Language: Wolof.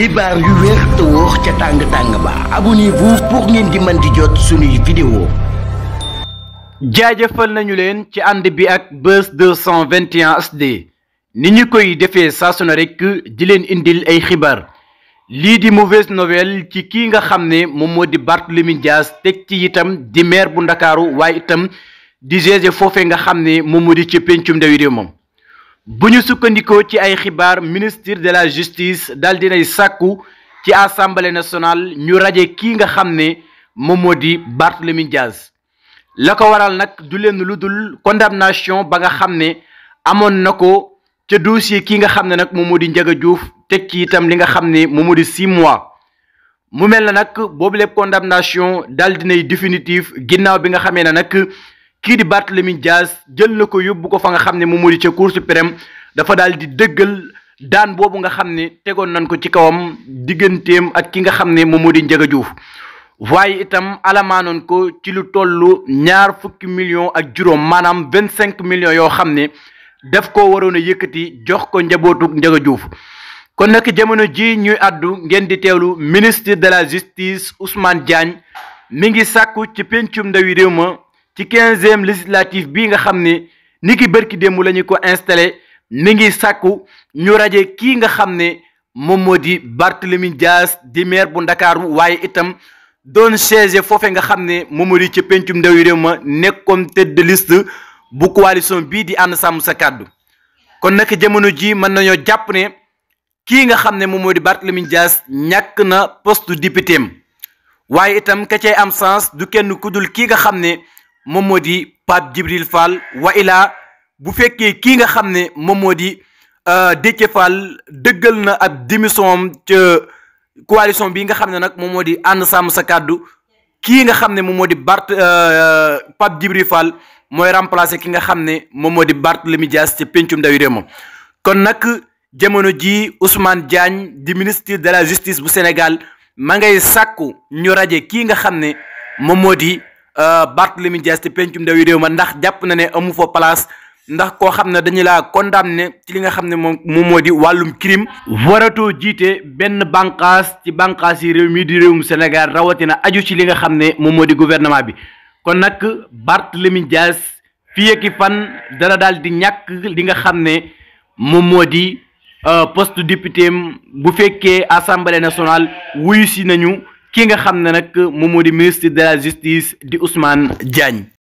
xibaar yu wér ca tàng tàng ba di jot suñuy vidéo jaajëfal nañu leen ci ànd bi ak Buzz 221 HD ni ñu koy defee saa su rek di leen indil ay xibaar lii di mauvaise nouvelle ci kii nga xam ne moom di Barthélémy Dias teg ci itam di maire bu Ndakaaru waaye itam di GG foofe nga xam ne moom moo di ci pencum ndawi réew moom Bonjour ñu ci ay ministre de la justice dal dinay qui ci assemblée nationale ñu Kinga Hamne, nga di Diaz la waral nak du condamnation ba nga amon noko, amoon na ko ca dossier kii nga di mois mu mel na condamnation dal dinay gina ginnaaw bi kii di Barthélemy Dias jël na ko yóbbu ko fa nga xam ne moom moo di ca Cour suprême dafa daal di dëggal daan boobu nga xam ne tegoon nañ ko ci kawam digganteem ak ki nga xam ne moom moo di Ndiaga Diouf waaye itam alamaanoon ko ci lu toll ñaar fukki million ak juróom maanaam vingt cinq millions yoo xam ne daf ko waroon a yëkkati jox ko njabootu Ndiaga Diouf kon nag jamono ji ñuy àddu ngeen di teelu ministre de la justice Ousmane Diagne mi ngi sàkku ci pencum ndawi réew ma ci quinzième législative bi nga xam ni ni ki bërki démb la ñu ko installé mi ngi sàkku ñu raje kii nga xam ne moom moo di Barthélemy Dias di maire bu Ndakaaru waaye itam doon siège foofe nga xam ne moom di ca pencum ndaw réew ma nekkoon tête de liste bu coalition bii di ànd sàmm sa kàddu kon nag jamono ji mën nañoo jàpp ne kii nga xam ne moom moo di Barthélemy Dias ñàkk na post député waaye itam ka cay am sens du kenn ku dul nga xam ne moom moo di Pape Djibril Fall wa ilaa bu fekkee kii nga xam ne moom moo di euh, Déthié Fall dëggal na ab démission am ca coalition bi nga xam ne nag moom moo di ànd sàmm sa kàddu kii nga xam ne moom moo di Bart euh, Pape Djibril Fall mooy remplacer ki nga xam ne moom moo di Barthélémy Dias ca pencum ndawi réew ma kon nag jamono ji Ousmane Diagne di ministre de la justice bu Sénégal ma ngay sàkku ñu raje kii nga xam ne moom moo di Euh, Barthélemy Dias ci pencum ndaw yi réew ma ndax jàpp na ne amu fa place ndax koo xam ne dañu laa ne ci li nga xam ne moom moom moo di wàllum crime warato jiite benn bànqaas ci bànqaas yi réew mii di réewum Sénégal rawatina aju ci li nga xam ne moom moo di gouvernement bi kon nag Barthélemy Dias fii ak fan dana daal di ñàkk li nga xam ne moom moo di euh, poste député bu fekkee assemblée nationale wuyu nañu ki nga xam ne nag moom moo di ministre de la justice di Ousmane Diagne